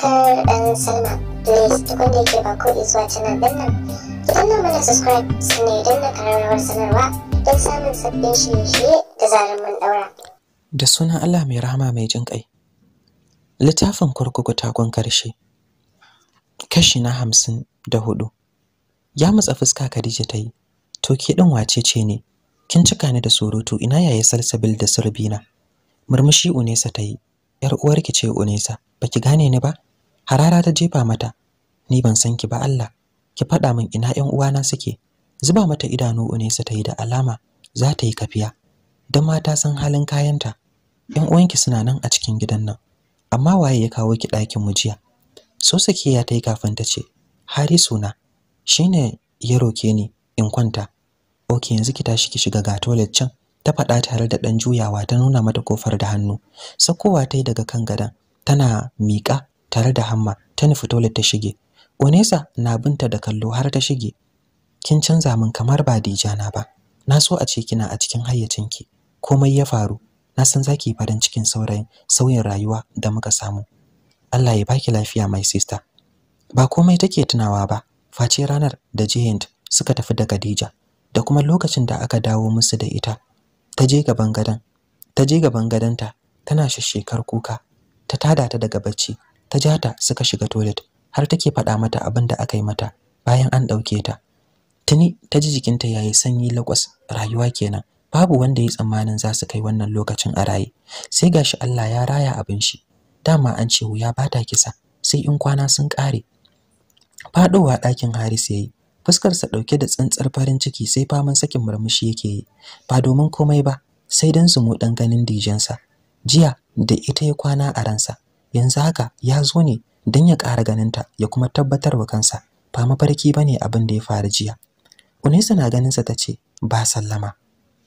subscribe and sign up. Please ke ba ko subscribe sanarwa don samun sabbin da sunan Allah mai rahama mai jin kai. Littafin kurkuku takon karshe. Kashi na hamsin da hudu. Ya matsa fuska Khadija ta yi. To ke ɗin wace ce ne? Kin cika ni da surutu ina yaya salsabil da surbina. Murmushi Unesa ta yi. ‘Yar uwarki ce Unesa, baki gane ni ba? harara ta jefa mata ni ban san ki ba Allah ki faɗa min ina ƴan uwana suke zuba mata idanu Unesa ta yi da alama za ta yi kafiya dan mata san halin kayanta ƴan uwanki suna nan a cikin gidan nan amma waye ya kawo ki ɗakin mu jiya so ya ta yi kafin ta ce harisu na shine ya roke ni in kwanta oke yanzu ki tashi ki shiga ga toilet can ta faɗa tare da ɗan juyawa ta nuna mata kofar da hannu sakowa ta yi daga kan gadon tana miƙa tare da hamma ta nufi tolet ta shige Onesa na binta da kallo har ta shige kin canza min kamar ba dijana ba na so a ce kina a cikin hayyacinki komai ya faru na san zaki farin cikin saurayin sauyin rayuwa da muka samu Allah ya baki lafiya my sister ba komai take tunawa ba face ranar da Jayant suka tafi da Khadija da kuma lokacin da aka dawo musu da ita ta je gaban gadan ta je gaban gadanta tana shashshekar kuka ta tada ta daga bacci ta ja ta suka shiga toilet har take faɗa mata abin da aka yi mata bayan an ɗauke ta tuni ta ji jikinta yayi sanyi lakwas rayuwa kenan babu wanda ya tsammanin za su kai wannan lokacin a raye sai gashi Allah ya raya abin shi dama an ce wuya ba ta kisa sai in kwana sun kare. faɗowa ɗakin Haris yayi fuskarsa ɗauke da tsantsar farin ciki sai faman sakin murmushi yake yi ba domin komai ba sai dan su mu ɗan ganin dijensa jiya da ita ya kwana a ransa yanzu haka ya zo ne don ya ƙara ganinta ya kuma tabbatar wa kansa ba mafarki ba ne abin da ya faru jiya unesa na ganinsa ta ce ba sallama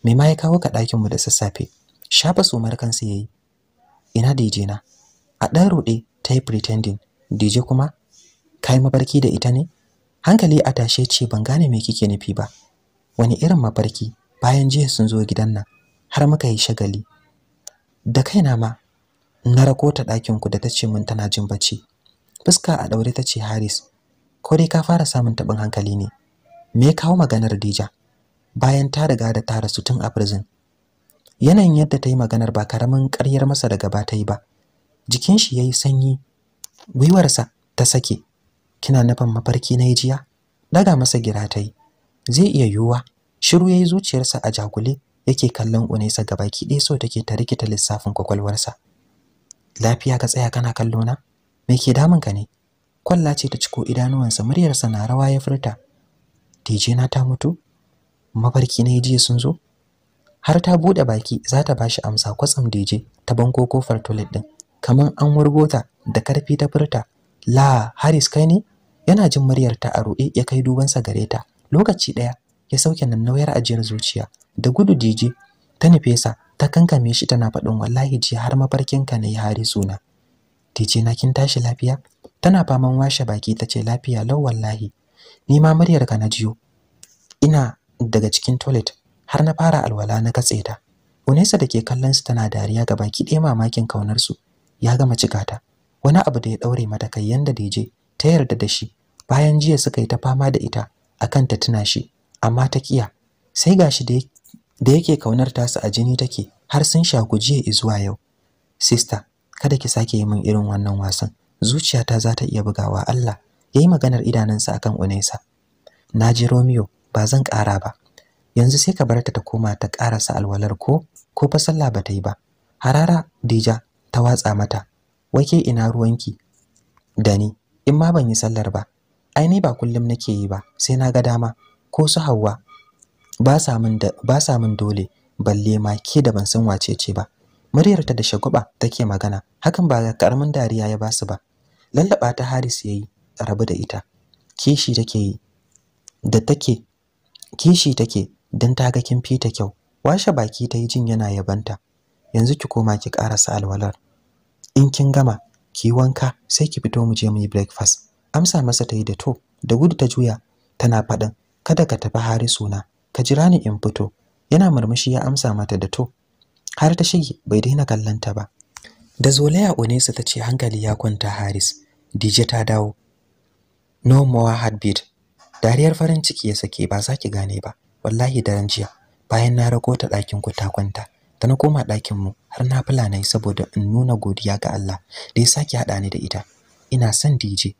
me ma ya kawo ka ɗakinmu da sassafe shafa sumar kansa ya yi ina dije na a ɗan ruɗe ta yi pretending dije kuma ka yi mafarki da ita ne hankali a tashe ce ban gane me kike nufi ba wani irin mafarki bayan jiya sun zo gidan nan har muka yi shagali da kaina ma na rako ta ɗakin ku da ta ce min tana jin bacci fuska a ɗaure ta ce haris ko dai ka fara samun taɓin hankali ne me ya kawo maganar dija bayan ta riga da ta rasu tun a prison yanayin yadda ta yi maganar ba karamin ƙaryar masa daga ba ta yi ba jikin shi ya yi sanyi gwiwarsa ta sake kina nufin mafarki na jiya daga masa gira ta yi zai iya yiwuwa shiru ya yi zuciyarsa a jagule yake kallon unesa gabaki ɗaya so take ta rikita lissafin kwakwalwarsa lafiya ka tsaya kana kallo na me ke damun ka ne kwalla ce ta ciko idanuwansa muryarsa na rawa ya furta dije na ta mutu Mabarki na jiya sun zo har ta bude baki za ta bashi amsa kwatsam dije ta banko kofar toilet din kaman an wurgo da karfi ta furta la haris kai ne yana jin muryar ta a ruɗe ya kai dubansa gare ta lokaci daya ya sauke nan nauyar ajiyar zuciya da gudu dije ta nufesa ta kankame shi tana faɗin wallahi ji har mafarkinka ne hari suna Dije na kin tashi lafiya tana faman washe baki ce lafiya lau wallahi ni ma muryarka na jiyo ina daga cikin toilet har na fara alwala na katse ta Unesa da ke kallon su tana dariya ga baki ɗaya mamakin kaunar su ya gama cika ta wani abu da ya daure mata kai yanda je ta yarda da shi bayan jiya suka yi ta fama da ita akan ta tuna shi amma ta kiya sai gashi da ya da yake kaunar tasu a jini take har sun shaku jiya zuwa yau Sista, kada ki sake yi min irin wannan wasan zuciyata za ta iya bugawa Allah yayi maganar idanunsa akan Unesa na ji Romeo ba zan ƙara ba yanzu sai ka bar ta koma ta ƙarasa alwalar ko ko fa sallah ba ta yi ba harara Dija ta watsa mata wake ina ruwanki dani in ma ban yi sallar ba ai ni ba kullum nake yi ba sai na ga dama ko su Hauwa ba sa min dole balle ma ke da ban san wace ce ba muryar ta da shagwaba take magana hakan ba karamin dariya ya basu ba lallaba ta Haris yayi rabu da ita kishi take yi da take kishi take dan ta ga kin fita kyau washe baki ta yi jin yana yabanta yanzu ki koma ki karasa alwalar in kin gama ki wanka sai ki fito mu je mu yi breakfast amsa masa ta yi da to da gudu ta juya tana faɗin kada ka tafi harisuna na ka jira ni in fito yana murmushi ya amsa mata da to har ta shige bai daina kallanta ba da zolaya onesa ta ce hankali ya kwanta haris dj ta dawo no more heartbeat dariyar farin ciki ya sake ba za ki gane ba wallahi da ranjiya bayan na rako ta ɗakin ku ta kwanta da na koma ɗakin mu har na fula nayi saboda in nuna godiya ga Allah da ya sake haɗa ni da ita ina son dj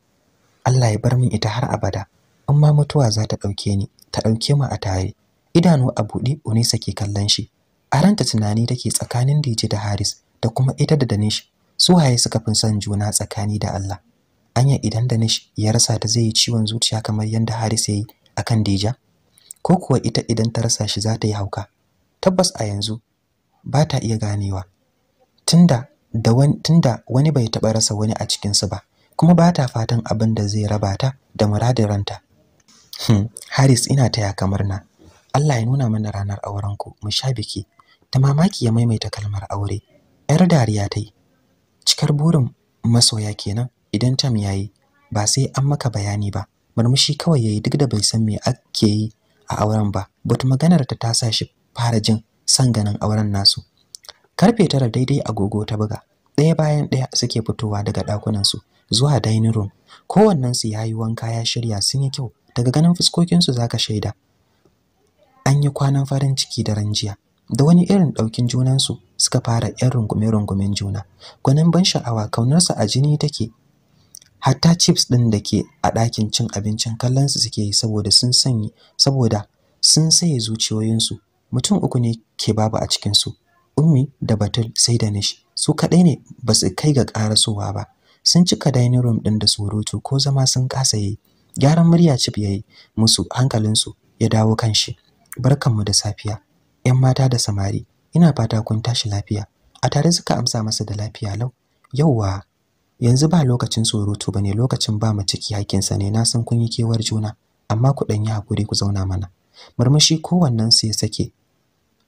Allah ya bar min ita har abada amma mutuwa za ta ɗauke ni ta ɗauke mu a tare idanu a buɗe Unisa ke kallon shi a ranta tunani take tsakanin Dije da Haris da kuma ita da Danish su waye suka fi son juna tsakani da Allah anya idan Danish ya rasa ta zai yi ciwon zuciya kamar yadda Haris ya yi a kan Deja ko kuwa ita idan ta rasa shi za ta yi hauka tabbas a yanzu ba ta iya ganewa tunda wani bai taɓa rasa wani a cikinsu ba kuma ba ta fatan abin da zai rabata da muradin ranta Hmm, Haris ina taya kamar na. Allah ya nuna mana ranar aurenku mu sha biki. Ta mamaki ya maimaita kalmar aure. Yar dariya ta yi. Cikar burin masoya kenan idan tam yayi ba sai an maka bayani ba. Murmushi kawai yayi duk da bai san me ake yi a auren ba. But maganar ta ta sa shi fara jin san ganin auren nasu. Karfe tara daidai agogo ta buga. Ɗaya bayan ɗaya suke fitowa daga ɗakunansu zuwa dining room. Kowannensu ya yi wanka ya shirya sun yi kyau daga ganin fuskokinsu za ka shaida an yi kwanan farin ciki da ranjiya da wani irin ɗaukin junansu suka fara 'yan rungume-rungumen juna gwanin ban sha'awa kaunarsa a jini take hatta chips ɗin da ke a ɗakin cin abincin kallon su suke yi saboda sun sanyi saboda sun saye zuciyoyinsu mutum uku ne ke babu a cikinsu ummi da batul sai da nishi su kaɗai ne ba su kai ga ƙarasowa ba sun cika dining room ɗin da surutu ko zama sun kasa yi gyaran murya cif yayi musu hankalinsu ya dawo kan shi barkanmu da safiya yan mata da samari ina fata kun tashi lafiya a tare suka amsa masa da lafiya lau yauwa yanzu ba lokacin surutu ne, lokacin ba mu ciki hakinsa ne na san kun yi kewar juna amma ku ɗanyi haƙuri hakuri ku zauna mana murmushi kowannen su ya sake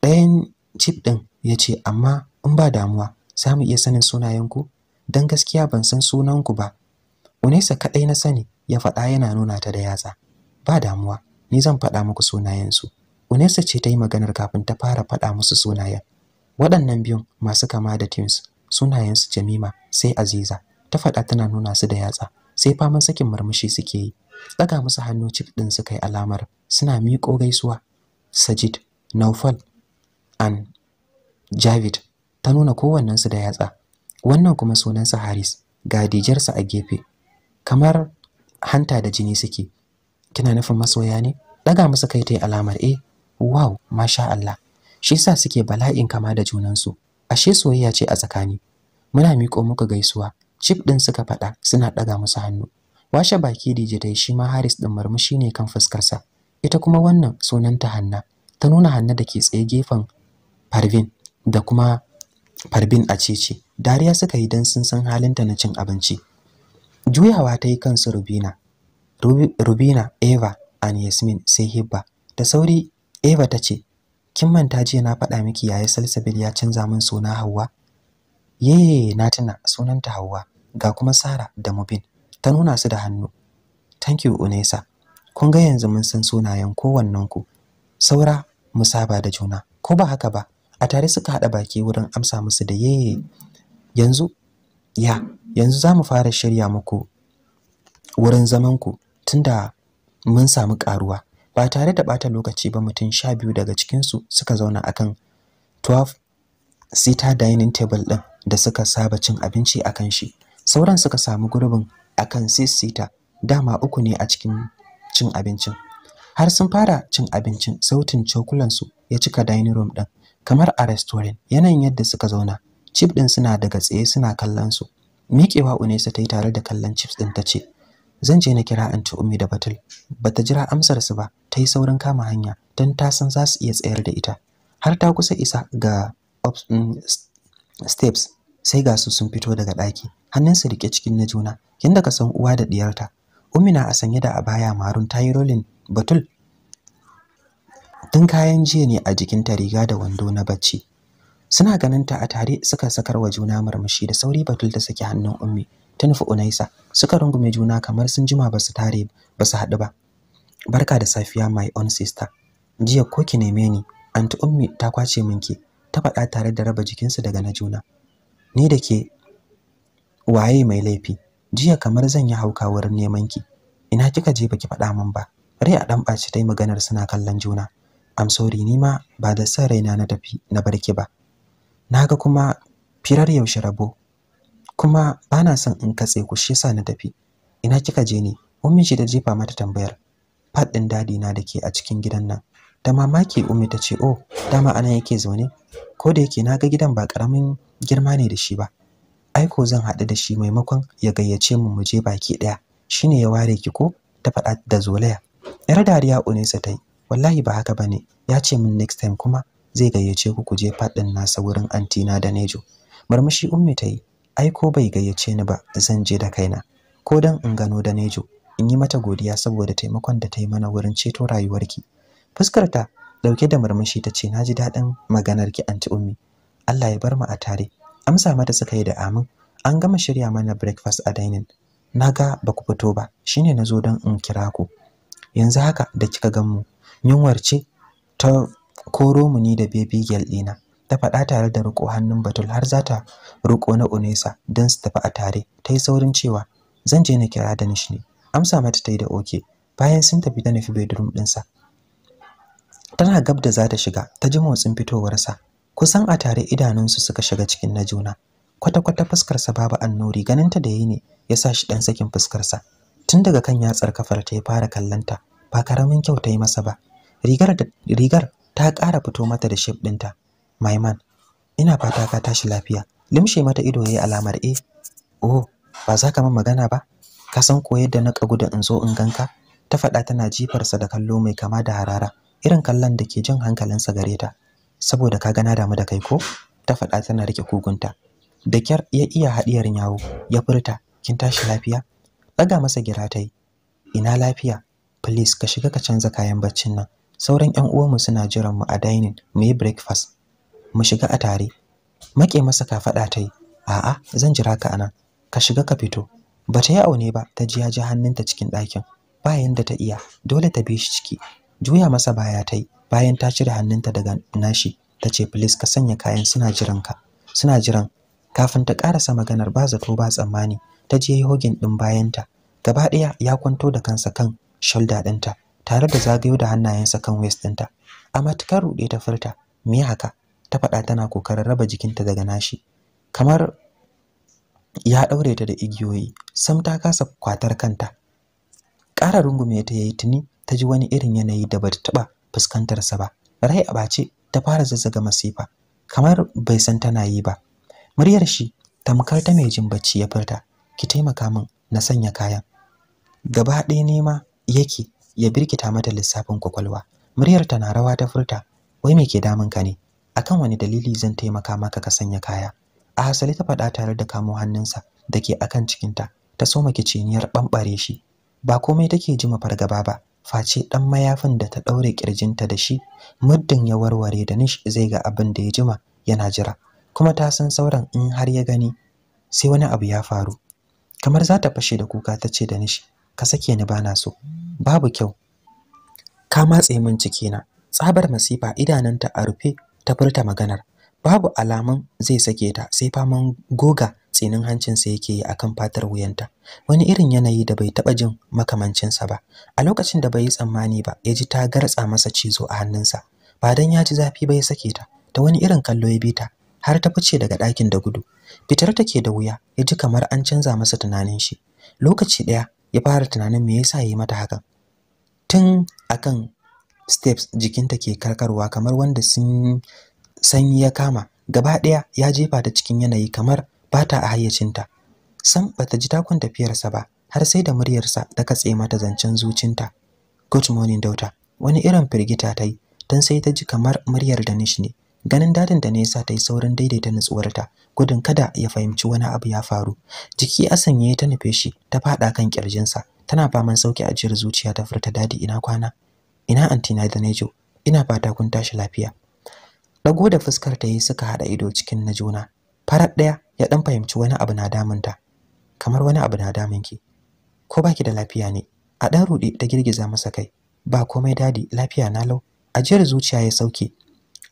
ɗayan cif ɗin ya ce amma in ba damuwa za mu iya sanin sunayenku don gaskiya ban san sunanku ba unesa kaɗai na sani ya faɗa yana nuna ta da yatsa ba damuwa ni zan faɗa muku sunayensu Unesa ce ta yi maganar kafin ta fara faɗa musu sunayen waɗannan biyun masu kama da teams sunayensu Jamima sai Aziza ta faɗa tana nuna su da yatsa sai faman sakin murmushi suke yi Tsaga musu hannu cif ɗin suka yi alamar suna miƙo gaisuwa Sajid Naufal an Javid ta nuna kowannensu da yatsa wannan kuma sunansa Haris ga dijarsa a gefe kamar hanta da jini suke kina nufin masoya ne daga musu kai tai alamar eh wow masha Allah shi yasa suke bala'in kama da junansu ashe soyayya ce a tsakani muna miƙo muka gaisuwa chip din suka faɗa suna daga musu hannu washe baki DJ dai shi ma Haris din murmushi ne kan fuskarsa ita kuma wannan sunanta Hanna ta nuna Hanna da ke tsaye gefen Parvin da kuma Parvin a cece dariya suka yi dan sun san halinta na cin abinci juyawa ta yi kansu rubina rubina eva an yasmin sai hibba da sauri eva ta ce kin manta jiya na faɗa miki yayi salsabil ya canza min suna hawa ye na tuna sunanta hawa ga kuma sara da mubin ta nuna su da hannu thank you unesa kun ga yanzu mun san sunayen kowannen ku saura mu saba da juna ko ba haka ba a tare suka haɗa baki wurin amsa musu da yeye yanzu ya yanzu za mu fara shirya muku wurin zamanku tunda mun samu karuwa ba tare da bata lokaci ba mutum sha biyu daga cikinsu suka zauna akan 12 sita dining table ɗin da suka saba cin abinci akan shi sauran suka samu gurbin akan six sita dama uku ne a cikin cin abincin har sun fara cin abincin sautin cokulansu ya cika dining room ɗin kamar a restaurant yanayin yadda suka zauna Chip din suna daga tsaye suna kallon su. Miƙewa Unesa ta yi tare da kallon chips din ta ce, "Zan je na kira Anti Ummi da Batul." Bata jira amsar su ba, ta yi saurin kama hanya dan ta san za su iya tsayar da ita. Har ta kusa isa ga mm, steps sai ga su sun fito daga ɗaki, su rike cikin na juna, yanda ka san uwa da diyarta. Ummi na a sanye da abaya marun ta yi rolin Batul. Tun kayan jiya ne a jikinta riga da wando na bacci. suna ganin ta a tare suka sakar wa juna murmushi da sauri batul ta saki hannun ummi ta nufi unaisa suka rungume juna kamar sun jima ba tare basu su haɗu ba barka da safiya my own sister jiya ko ki neme ni anti ummi ta kwace min ki ta faɗa tare da raba jikinsu daga na juna ni da ke waye mai laifi jiya kamar zan yi hauka wurin neman ki ina kika je baki faɗa min ba rai a dan ɓaci ta yi maganar suna kallon juna am sorry ni ma ba da san raina na tafi na barki ba Na ga kuma firar yaushe rabo kuma bana son in katse ku shi yasa na tafi ina kika je ni? ummi shi da jefa mata tambayar fat din dadi na da ke a cikin gidan nan da mamaki ummi ta ce oh dama ana yake zaune ko da yake naga gidan ba karamin girma ne da shi ba Aiko zan haɗu da shi maimakon ya gayyace mu mu je baki daya shine ya ware ki ko ta faɗa da zolaya yar dariya unesa tai wallahi ba haka bane ya ce min next time kuma zai gayyace ku kuje faɗin nasa wurin antina da nejo marmashi ummi ta yi ai ko bai gayyace ni ba zan je da kaina ko dan in gano da nejo in yi mata godiya saboda taimakon da ta yi mana wurin ceto rayuwar rayuwarki fuskarta dauke da murmushi ta ce naji daɗin ki, anti ummi Allah ya bar mu a tare amsa mata suka yi da amin an gama shirya mana breakfast a dining naga ba ku fito ba shine nazo don in kira ku yanzu haka da kika gan mu yunwar ce ta koro mu ni da baby girl ɗina ta faɗa tare da riko hannun Batul har za ta riko na Unesa don su tafi a tare ta yi saurin cewa zan je na kira da ne amsa mata ta yi da oke bayan sun tafi ta nufi bedroom ɗinsa tana gab da za ta shiga ta ji motsin fitowarsa kusan a tare idanunsu suka shiga cikin na juna kwata-kwata fuskarsa babu annori ganinta da yi ne ya sa shi ɗan sakin fuskarsa tun daga kan yatsar kafar ta ya fara kallonta ba karamin kyau ta yi masa ba rigar ta ƙara fito mata da shape ɗinta maiman ina fata ka tashi lafiya limshe mata ido ya yi alamar e oh ba za ka magana ba ka san ko yadda na kagu da in zo in ganka ta faɗa tana jifarsa da kallo mai kama da harara irin kallon da ke jin hankalinsa gare ta saboda ka gana damu da kai ko ta faɗa tana rike kugunta da kyar ya iya haɗiyar yawo ya furta kin tashi lafiya ɗaga masa gira ta yi ina lafiya please ka shiga ka canza kayan baccin nan sauran ƴan uwanmu suna jiran mu a dining mu yi breakfast mu shiga a tare make masa kafaɗa ta yi a'a zan jira ka anan ka shiga ka fito bata yi aune ba ta ji ya ji hannunta cikin ɗakin ba yanda ta iya dole ta bi shi ciki juya masa baya ta bayan ta cire hannunta daga nashi ta ce please ka sanya kayan suna jiran ka suna jiran kafin ta karasa maganar ba zato ba tsammani ta je hogin din bayanta gaba ɗaya ya kwanto da kansa kan shoulder ɗinta tare da zagayo da hannayensa kan waist ɗinta. A matukar rude ta furta, me haka? Ta faɗa tana kokarin raba jikinta daga nashi. Kamar ya daure ta da igiyoyi, sam ta kasa kwatar kanta. Ƙara rungume ta yayi tuni ta ji wani irin yanayi da bata taɓa sa ba. Rai a bace ta fara zazzaga masifa, kamar bai san tana yi ba. Muryar shi tamkar ta mai jin bacci ya furta, ki taimaka min na sanya kayan. Gaba ɗaya nema yake ya birkita mata lissafin kwakwalwa muryar ta na rawa ta furta wai me ke damun ka ne akan wani dalili zan taimaka maka ka sanya kaya a hasali ta faɗa tare da kamo hannunsa da ke akan cikinta ta soma kiciniyar ɓamɓare shi ba komai take ji fargaba ba face ɗan mayafin da ta ɗaure ƙirjinta da shi muddin ya warware da nish zai ga abin da ya jima yana jira kuma ta san sauran in har ya gani sai wani abu ya faru kamar za ta fashe da kuka ta ce da nishi ka sake ni bana so babu kyau ka matse min cikina tsabar masifa idananta a rufe ta furta maganar babu alaman zai sake ta sai faman goga tsinin hancinsa yake yi akan fatar wuyanta wani irin yanayi da bai taba jin makamancinsa ba a lokacin da bai yi tsammani ba ya ji ta gartsa masa cizo a hannunsa ba dan ya ji zafi ba ya sake ta ta wani irin kallo ya bi ta har ta fice daga ɗakin da gudu fitar take da wuya ya ji kamar an canza masa tunanin shi lokaci ɗaya ya fara tunanin me yasa yayi mata haka tun akan steps jikinta ke karkarwa kamar wanda sun sanyi ya kama gaba ɗaya ya jefa ta cikin yanayi kamar bata a hayyacinta sam bata ji takun tafiyarsa ba har sai da muryarsa ta katse mata zancen zucinta good morning dauta wani irin firgita ta yi don sai ta ji kamar muryar danish ne ganin dadin da nesa ta yi saurin daidaita nutsuwarta gudun kada ya fahimci wani abu ya faru jiki a sanye ta nufe shi ta faɗa kan kirjinsa tana faman sauki a jiyar zuciya ta furta dadi ina kwana ina antina da nejo ina fata kun tashi lafiya dago da fuskar ta yi suka hada ido cikin na juna farar daya ya dan fahimci wani abu na damunta kamar wani abu na ki. ko baki da lafiya ne a dan rudi ta girgiza masa kai ba komai dadi lafiya na lau ajiyar zuciya ya sauke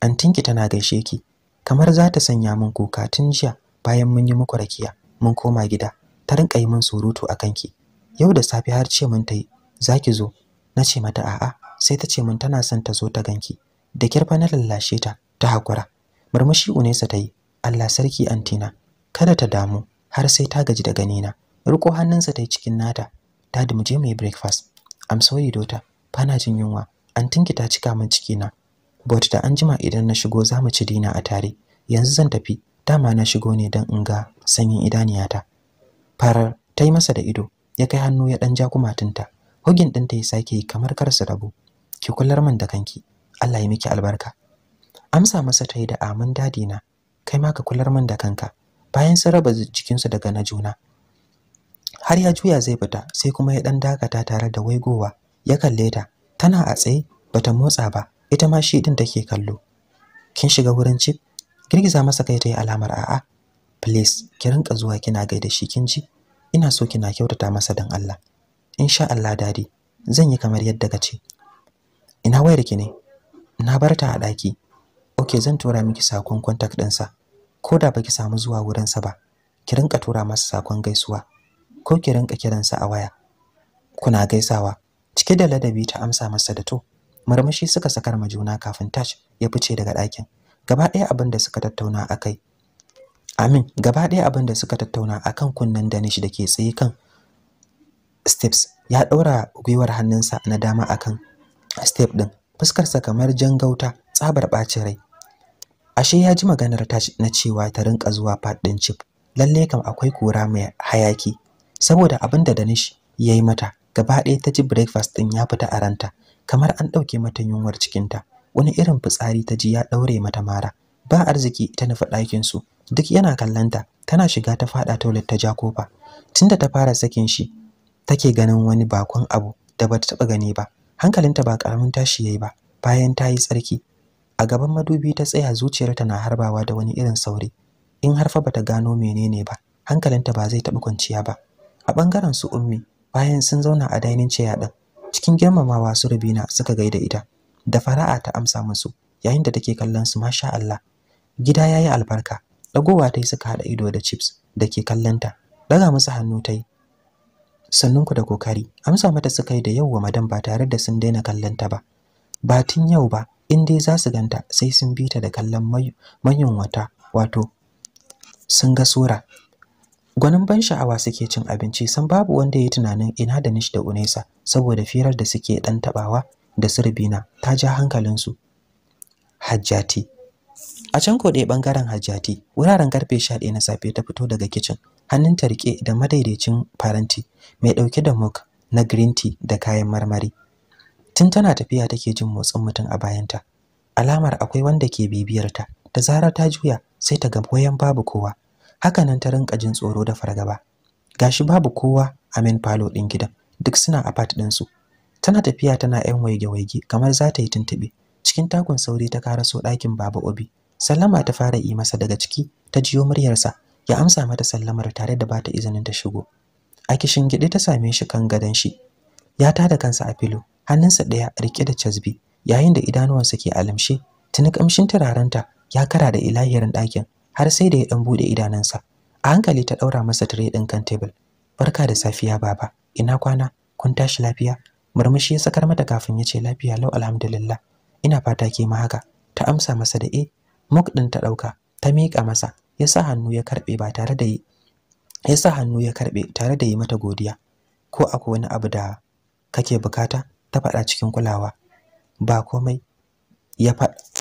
antinki tana gaishe ki kamar za ta sanya min kuka tun jiya bayan mun yi muku rakiya mun koma gida ta rinka yi min surutu a kanki yau da safe har ce mun ta yi za ki zo na ce mata a'a sai ta ce mun tana son ta zo ta ganki da kirfa na lallashe ta ta hakura murmushi unesa ta yi Allah sarki antina kada ta damu har sai ta gaji da ganina riko hannunsa ta yi cikin nata ta mu je mu yi breakfast am sorry Fa na jin yunwa antinki ta cika min cikina but da anjima idan na shigo za mu ci dina a tare yanzu zan tafi dama na shigo ne dan in ga sanyin idaniyata farar ta yi masa da ido ya kai hannu ya ɗan ja hogin hugin ta ya sake kamar kar su rabu ki kullar man da kanki Allah ya miki albarka amsa masa ta yi da amin dadi na kai ma ka kullar min da kanka bayan sun raba su daga na juna har ya juya zai fita sai kuma ya dan dakata tare da waigowa ya kalle ta tana a tsaye bata motsa ba ita ma shi din take kallo kin shiga wurin chief girgiza masa kai ta yi alamar a'a please ki rinka zuwa kina gaida shi kin ji ina so kina kyautata masa dan Allah insha Allah dadi zan yi kamar yadda ka ce ina wayar ki ne na bar ta a daki okay zan tura miki sakon contact din sa koda baki samu zuwa wurin sa ba ki rinka tura masa sakon gaisuwa ko ki rinka kiransa a waya kuna gaisawa cike da ladabi ta amsa masa da to murmushi suka sakar ma juna kafin Tash ya fice daga dakin. Gaba ɗaya abin da suka tattauna akai Amin, gaba ɗaya abin da suka tattauna akan kunnen Danish da ke tsaye kan steps ya ɗaura gwiwar hannunsa na dama akan step ɗin. Fuskarsa kamar jan gauta, tsabar ɓacin rai. Ashe ya ji maganar Tash na cewa ta rinka zuwa faɗin chip. Lalle kam akwai kura mai hayaki saboda abin da Danish ya yi mata gaba ɗaya ta ji breakfast ɗin ya fita a ranta kamar an ɗauke mata yunwar cikinta wani irin fitsari ta ji ya ɗaure mata mara ba arziki ta nufi ɗakinsu duk yana kallanta tana shiga ta faɗa toilet ta ja kofa tunda ta fara sakin shi take ganin wani bakon abu da bata taɓa gani ba hankalinta ba ƙaramin tashi yayi ba bayan ta yi tsarki a gaban madubi ta tsaya zuciyarta na harbawa da wani irin sauri in harfa fa bata gano menene ba hankalinta ba zai taɓa kwanciya ba a ɓangaren su ummi bayan sun zauna a dainin chair ɗin cikin girmamawa su Rubina suka gaida ita da fara'a ta amsa musu yayin da take kallon su masha Allah gida yayi albarka dagowa tai suka hada ido da chips dake kallanta daga musu hannu tai sannunku da kokari amsa mata suka yi da yawa madan ba tare da sun daina kallanta ba ba tun yau ba in dai za su ganta sai sun bi ta da kallon mayun wata wato sun ga sura gwanin ban sha'awa suke cin abinci san babu wanda ya yi tunanin ina da nishi da unesa saboda firar da suke dan tabawa da sirbina ta ja su. hajjati a can ko bangaren ɓangaren hajjati wuraren karfe sha na safe ta fito daga kicin hannun ta riƙe da madaidaicin faranti mai ɗauke da mug na green tea da kayan marmari tun tana tafiya take jin motsin mutum a bayanta alamar akwai wanda ke bibiyarta da zarar ta juya sai ta ga goyon babu kowa haka nan ta rinka jin tsoro da fargaba gashi babu kowa a main falo din gidan duk suna apart din su tana tafiya tana yan waige waige kamar za ta yi tuntube cikin takun sauri ta karaso ɗakin baba obi sallama ta fara yi masa daga ciki ta jiyo muryarsa ya amsa mata sallamar tare da bata izinin ta shigo a kishin gidi ta same shi kan gadon shi ya tada kansa a filo hannunsa ɗaya rike da casbi yayin da idanuwansa ke alamshe tuni kamshin turarenta ya kara da ilahirin ɗakin har sai da ya dan bude idanunsa a hankali ta daura masa tire din kan table barka da safiya baba ina kwana kun tashi lafiya murmushi ya sakar mata kafin ya ce lafiya lau alhamdulillah ina fata ke ma haka ta amsa masa da eh muk din ta dauka ta mika masa ya sa hannu ya karbe ba tare da yi ya sa hannu ya karbe tare da yi mata godiya ko akwai wani abu da kake bukata ta faɗa cikin kulawa ba komai ya faɗa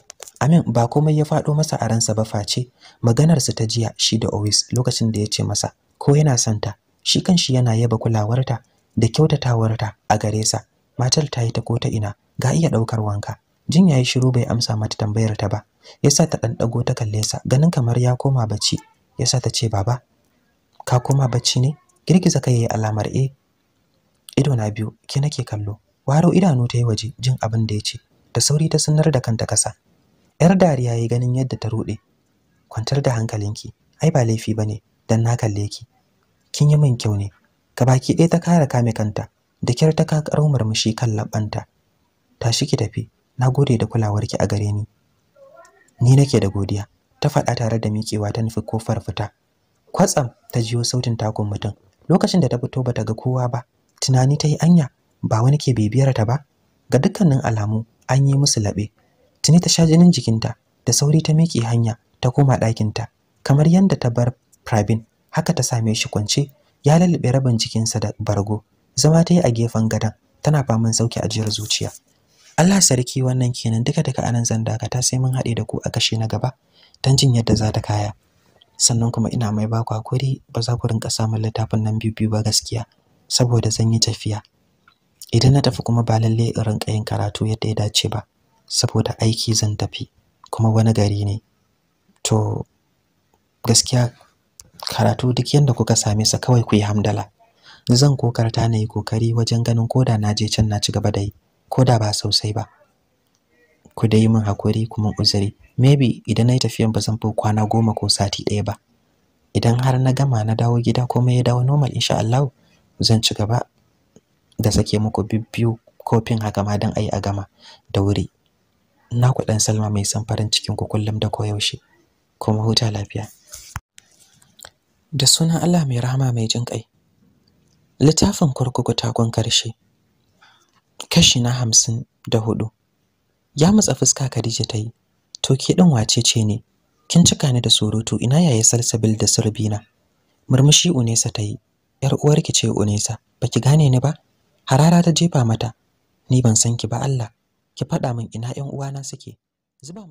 Amin ba komai ya faɗo masa a ransa ba face maganar ta jiya shi da Owis lokacin da ya ce masa ko yana santa shi kanshi yana yaba kulawarta da kyautatawarta a gare sa matar ta yi ta kota ina ga iya ɗaukar wanka jin yayi shiru bai amsa mata tambayar ta ba yasa ta dan dago ta kalle sa ganin kamar ya koma bacci yasa ta ce baba ka koma bacci ne girgiza kai yayi alamar e eh, ido na biyu ki nake kallo waro idanu ta yi waje jin abin da ya ce da sauri ta sanar da kanta kasa yar dariya yi ganin yadda ta rude kwantar da hankalinki ai ba laifi ba ne, don na kalle ki kin yi min kyau ne ka baki ɗaya ta kare kame kanta da kyar ta kakaro murmushi kan labanta tashi ki tafi na gode da kulawarki a gare ni ni nake da godiya ta faɗa tare da miƙewa ta nufi kofar fita kwatsam ta jiyo sautin takun mutum lokacin da ta fito bata ga kowa ba tunani ta yi anya ba wani ke bibiyar ba ga dukkanin alamu an yi musu laɓe tuni ta sha jinin jikinta da sauri ta miƙe hanya ta koma ɗakinta kamar yadda ta bar Pravin haka ta same shi kwance ya lalube rabin jikinsa da bargo zama ta yi a gefen gadon tana faman sauki ajiyar zuciya Allah sarki wannan kenan duka duka anan zan dakata sai mun haɗe da ku a kashe na gaba don jin yadda za ta kaya sannan kuma ina mai ba ku hakuri ba za ku rinka samun littafin nan biyu biyu ba gaskiya saboda zan yi tafiya idan na tafi kuma ba lallai in rinka yin karatu yadda ya dace ba saboda aiki zan tafi kuma wani gari ne to gaskiya karatu duk yanda kuka same sa kawai ku yi hamdala zan kokarta na yi kokari wajen ganin koda na je can na ci gaba da yi koda ba sosai ba ku dai min hakuri kuma uzuri maybe idan na yi tafiyan ba zan fi kwana goma ko sati ɗaya ba idan har na gama na dawo gida komai ya dawo normal insha Allah zan ci gaba da sake muku bibbiyu kofin haka ma dan ayi a gama da wuri na ku dan Salma mai san farin cikin ku kullum da koyaushe kuma huta lafiya da sunan Allah mai rahama mai jin kai littafin kurkuku ta takon karshe kashi na hamsin da hudu ya matsa fuska Khadija ta yi to ke din wace ce ne kin cika ni da surutu ina yaya salsabil da surbina murmushi unesa ta yar uwarki ce unesa baki gane ni ba harara ta jefa mata ni ban san ki ba Allah ki faɗa min ina ƴan uwana suke zuba